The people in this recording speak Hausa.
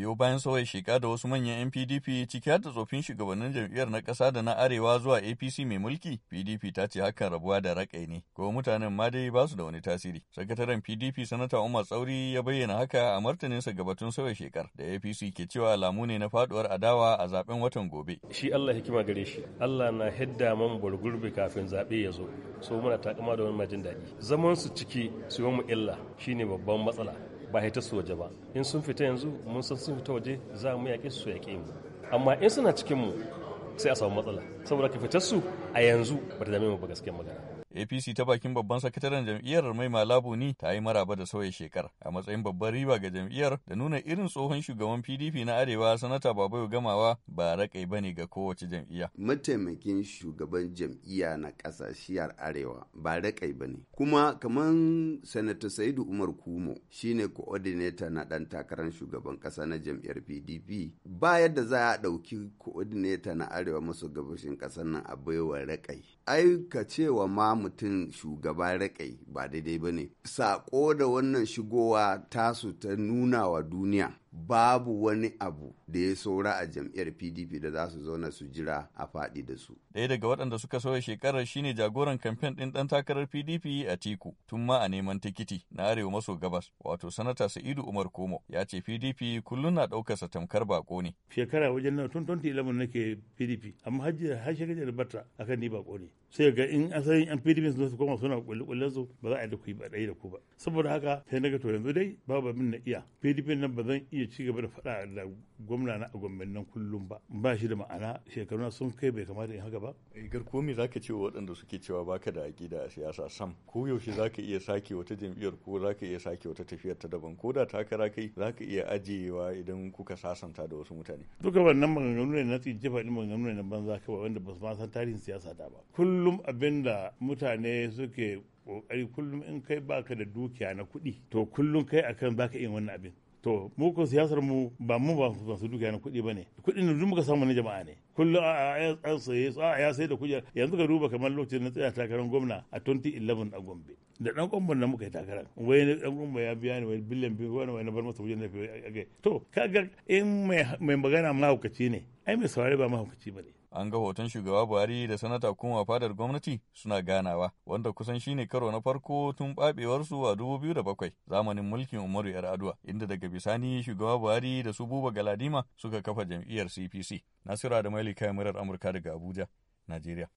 biyu bayan sauya sheka da wasu manyan 'yan PDP ciki har da tsofin shugabannin jam'iyyar na ƙasa da na arewa zuwa APC mai mulki, PDP ta ce hakan rabuwa da raƙai ne, ko mutanen ma dai ba su da wani tasiri. Sakataren PDP Sanata Umar Tsauri ya bayyana haka a martaninsa gabatun sauya shekar da APC ke cewa alamu ne na faduwar adawa a zaben watan gobe. Shi Allah hikima gare shi, Allah na hidda man burgurbi kafin zaɓe ya zo, so muna takama da wani majin daɗi. Zaman su ciki su yi mu illa shine babban matsala. ba haita su waje ba in sun fita yanzu mun san sun fita waje za mu yaƙe su yaƙe mu amma in suna cikin mu sai a samu matsala saboda ka fitar su a yanzu ba ta dame mu ba gaskiyar magana APC ta bakin babban sakataren jam'iyyar Mai Malabu ni ta yi maraba da sauya shekar a matsayin babbar riba ga jam'iyyar da nuna irin tsohon shugaban PDP na Arewa sanata Babayo Gamawa ba rakai bane ga kowace jam'iyya. Mataimakin shugaban jam'iyya na kasashiyar Arewa ba rakai bane. Kuma kamar sanata Saidu Umar Kumo shine coordinator na dan takarar shugaban kasa na jam'iyyar PDP ba yadda za a ɗauki coordinator na Arewa maso gabashin kasar nan a baiwa rakai. Ai ka cewa ma mutum shugaba raƙai ba daidai ba ne. Saƙo da wannan shigowa tasu ta nuna wa duniya babu wani abu da ya saura a jam'iyyar pdp da za su zauna su jira a faɗi da su ɗaya daga waɗanda suka sauya shekarar shine jagoran kamfen ɗin dan takarar pdp a tiku tun ma a neman tikiti na arewa maso gabas wato sanata sa'idu umar komo ya ce pdp kullum na ɗaukarsa tamkar bako ne shekara wajen nan tun na ke pdp amma hajjiyar har shekarar bata akan ni bako ne sai ga in asalin yan pdp sun su koma suna kulle su ba za a yi da ku ba ɗaya da ku ba saboda haka sai na ga to yanzu dai babu abin na iya pdp nan ba zan iya iya ci gaba da faɗa da gwamna na gwamnan kullum ba ba shi da ma'ana shekaru sun kai bai kamata in haka ba eh, garko me zaka ce wa waɗanda suke cewa baka da aƙida a siyasa sam ko yaushe zaka iya sake wata jam'iyyar ko zaka iya sake wata tafiyar ta daban ko da takara kai zaka iya ajiyewa idan kuka sasanta da wasu mutane duka wannan maganganu ne na jefa faɗi maganganu ne na banza kawai wanda ba su ma san tarihin siyasa da ba kullum abinda mutane suke kokari kullum in kai baka da dukiya na kuɗi to kullum kai akan baka yin wannan abin to mu ko siyasar mu ba mu ba masu duka yana kuɗi ba ne kuɗin da muka samu na jama'a ne kullum a an saye a ya sai da kujer yanzu ka duba kamar lokacin na tsaya takarar gwamna a 2011 a Gombe da dan gwamnan na muka yi takarar wai na dan gwamnan ya biya ni wai biliyan biyu wani wani bar masa wajen da fiye to kaga in mai magana mahaukaci ne ai mai saurari ba mahaukaci ba ne an ga hoton shugaba buhari da sanata kuma fadar gwamnati suna ganawa wanda kusan shine karo na farko tun babewarsu a 2007 zamanin mulkin umaru 'yar yar'adua inda daga bisani shugaba buhari da su buba galadima suka kafa jam'iyyar cpc nasira da mailika kayan murar amurka daga abuja najeriya